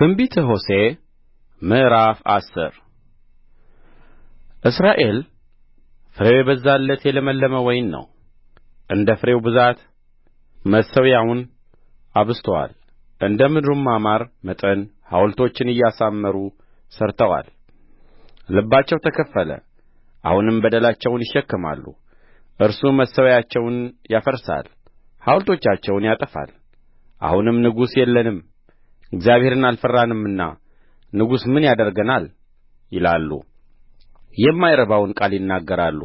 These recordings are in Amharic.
ትንቢተ ሆሴዕ ምዕራፍ አስር እስራኤል ፍሬው የበዛለት የለመለመ ወይን ነው እንደ ፍሬው ብዛት መሠዊያውን አብዝተዋል እንደ ምድሩም ማማር መጠን ሐውልቶችን እያሳመሩ ሠርተዋል ልባቸው ተከፈለ አሁንም በደላቸውን ይሸከማሉ እርሱ መሠዊያቸውን ያፈርሳል ሐውልቶቻቸውን ያጠፋል አሁንም ንጉሥ የለንም እግዚአብሔርን አልፈራንምና ንጉሥ ምን ያደርገናል ይላሉ የማይረባውን ቃል ይናገራሉ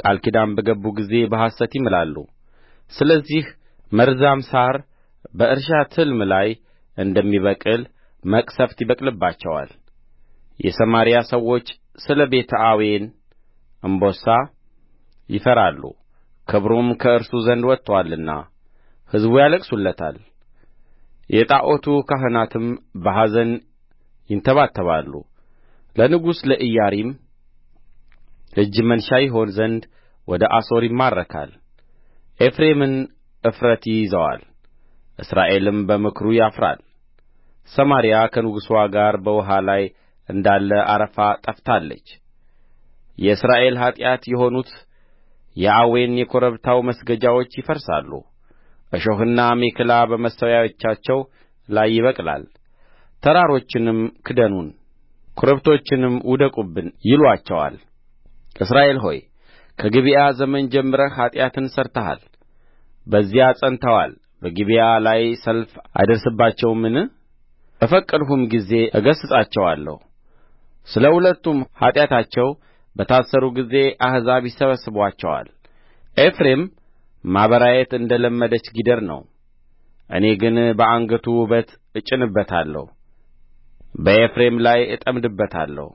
ቃል ኪዳን በገቡ ጊዜ በሐሰት ይምላሉ ስለዚህ መርዛም ሣር በእርሻ ትልም ላይ እንደሚበቅል መቅሠፍት ይበቅልባቸዋል የሰማርያ ሰዎች ስለ አዌን እምቦሳ ይፈራሉ ክብሩም ከእርሱ ዘንድ ወጥቶአልና ሕዝቡ ያለቅሱለታል የጣዖቱ ካህናትም በኀዘን ይንተባተባሉ ለንጉሡ ለኢያሪም እጅ መንሻ ይሆን ዘንድ ወደ አሦር ይማረካል ኤፍሬምን እፍረት ይይዘዋል እስራኤልም በምክሩ ያፍራል ሰማርያ ከንጉሥዋ ጋር በውኃ ላይ እንዳለ አረፋ ጠፍታለች የእስራኤል ኃጢአት የሆኑት የአዌን የኮረብታው መስገጃዎች ይፈርሳሉ እሾህና አሜከላ በመሠዊያዎቻቸው ላይ ይበቅላል ተራሮችንም ክደኑን ኮረብቶችንም ውደቁብን ይሉአቸዋል እስራኤል ሆይ ከጊብዓ ዘመን ጀምረህ ኃጢአትን ሠርተሃል በዚያ ጸንተዋል በጊብዓ ላይ ሰልፍ አይደርስባቸውምን በፈቀድሁም ጊዜ እገሥጻቸዋለሁ ስለ ሁለቱም ኃጢአታቸው በታሰሩ ጊዜ አሕዛብ ይሰበስቧቸዋል። ኤፍሬም ማበራየት እንደ ለመደች ጊደር ነው እኔ ግን በአንገቱ ውበት እጫንበታለሁ በኤፍሬም ላይ እጠምድበታለሁ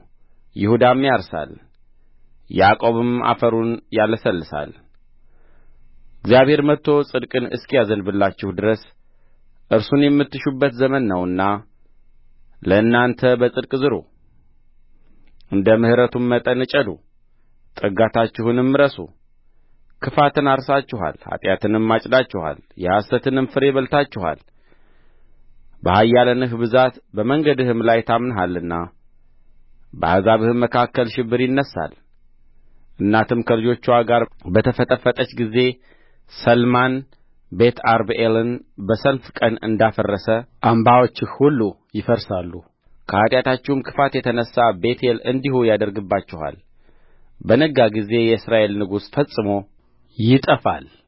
ይሁዳም ያርሳል ያዕቆብም አፈሩን ያለሰልሳል እግዚአብሔር መጥቶ ጽድቅን እስኪያዘንብላችሁ ድረስ እርሱን የምትሹበት ዘመን ነውና ለእናንተ በጽድቅ ዝሩ እንደ ምሕረቱም መጠን እጨዱ ጥጋታችሁንም እረሱ ክፋትን አርሳችኋል ኃጢአትንም አጭዳችኋል የሐሰትንም ፍሬ በልታችኋል በኃያላንህ ብዛት በመንገድህም ላይ ታምነሃልና በአሕዛብህም መካከል ሽብር ይነሣል እናትም ከልጆችዋ ጋር በተፈጠፈጠች ጊዜ ሰልማን ቤትአርብኤልን በሰልፍ ቀን እንዳፈረሰ አምባዎችህ ሁሉ ይፈርሳሉ። ከኃጢአታችሁም ክፋት የተነሣ ቤቴል እንዲሁ ያደርግባችኋል። በነጋ ጊዜ የእስራኤል ንጉሥ ፈጽሞ ይጠፋል